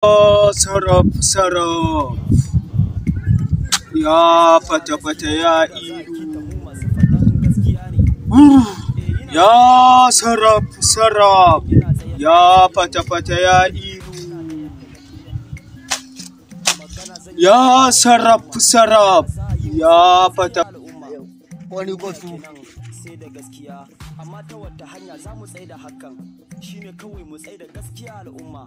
sarraf-sarraf ya fata-fata ya ya sarraf-sarraf ya fata-fata ya ilu ya sarraf-sarraf ya fata wani sai da gaskiya amma ta wata hanya za mu tsaye da hakan shine kawai mu tsaye da gaskiya al'umma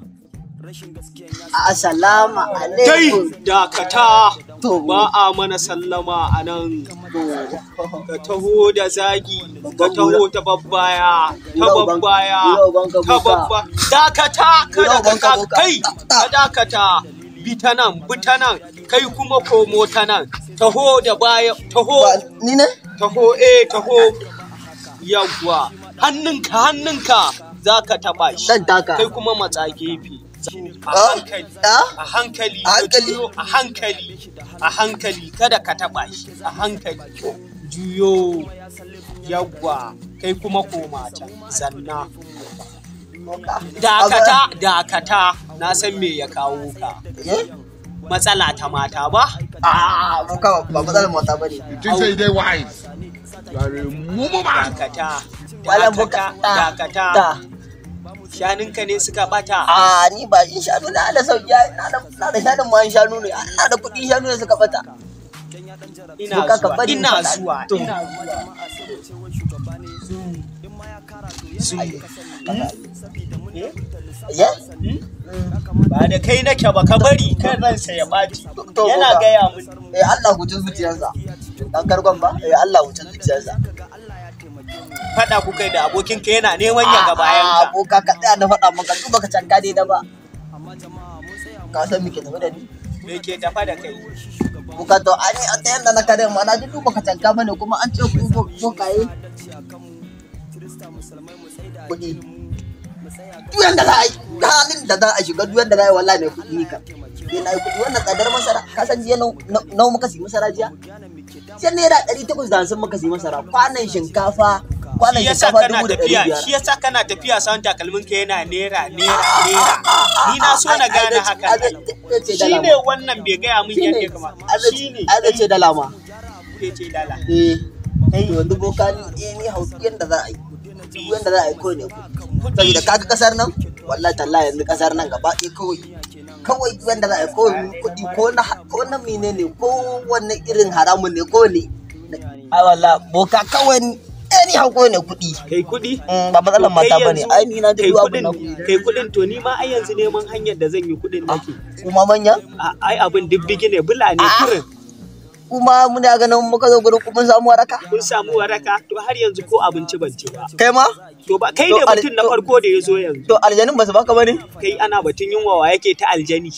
Assalamu alaikum. Kai dakata ba a mana sallama a nan. Ka taho da zagi, ka taho ta babbaya, ta babbaya, ta babba. Dakata, ka dakata, kai, ka dakata, Bita ta nan, bi nan, kai kuma komo ta nan. Taho da baya, taho. Ni ne? Taho, eh, taho. Yawwa, hannunka, hannunka za ka taɓa shi. Kai kuma matsa gefe. Hm. Ah. Ah. a hankali a hankali a hankali a hankali kada ka taba shi a hankali juyo yagwa kai kuma koma can zanna dakata dakata na san me ya kawo ka eh? matsala ta mata ba a ah, ba mata ba ne sai dai dakata dakata dakata Shanun ka ne suka bata? A ni ba in shanu na da sauki na da shanun ma in shanu ne na da kuɗi shanu ne suka bata. Ina zuwa ina zuwa ina hmm? zuwa. Eh? Ba da kai nake ba ka bari kan ransa ya ɓaci yana gaya mun. Eh Allah hutun zuciyarsa. Dan kargon ba? Eh Allah hutun zuciyarsa. faɗa kai da abokin ka yana neman ya ga bayan ka aboka ka tsaya na faɗa maka duk baka canka dai da ba ka san me ke tafi da ni me ke tafa da kai buka to an yi ta da na kare ma na duk baka canka bane kuma an ce ku bokaye kuɗi duk yanda za a yi halin da za a shiga duk da za a yi wallahi mai kuɗi ni ka yana yi kuɗi wannan tsadar masara ka san jiya nawa muka siyi masara jiya sai naira ɗari takwas da hamsin muka siyi masara kwanan shinkafa kwanan shinkafa dubu da ɗari biyar. Shi yasa kana tafiya sawun takalmin ka yana nera nera. Ah, ah, naira. Ah, ni na so na gane haka. Shi ne wannan bai gaya min yadda ya kamata. Shi ne. Ai zai ce dala ma. Zai ce dala. Eh. Kai eh, yanzu boka ni eh, hausa yadda za a yi. Yadda za a yi kawai ne. Saboda kaga kasar nan wallahi tallahi yanzu kasar nan gaba ɗaya kawai kawai wanda za a yi kuɗi ko na ko na mine ne ko wani irin haramun ne ko ne. Ai wallah boka kawai ni hauko ne kuɗi kai kuɗi mm, ba matsalar mata bane ai ni na da ruwa abin kai kuɗin to ni ma ai yanzu neman hanyar da zan yi kuɗin ah, nake kuma manya ai abin dubbi ne bula ne ah. kirin kuma muna ganin muka zo gurin kuma samu waraka kun samu waraka to har yanzu ko abinci ban ci ba kai ma to ba kai ne mutum na farko da ya zo yanzu to aljanin ba su baka bane kai ana batun yunwa wa yake ta aljani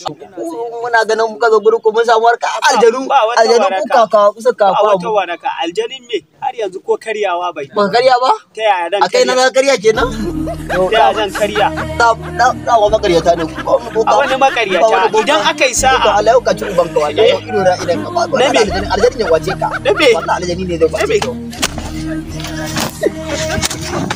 muna ganin muka zo gurin kuma samu waraka aljanu aljanu ku kaka kusa kaka ba wata waraka aljanin me har yanzu ko karyawa bai ba karya ba ta yaya dan Akai na karya kenan ta yaya dan karya Ta da da wa makaryata ne ko wani makaryata idan aka yi sa'a Allah ya kaci uban ka wallahi eh? ido na idan ka ba aljani ne waje ka. Dabe. Wannan aljani ne zai kwace ka.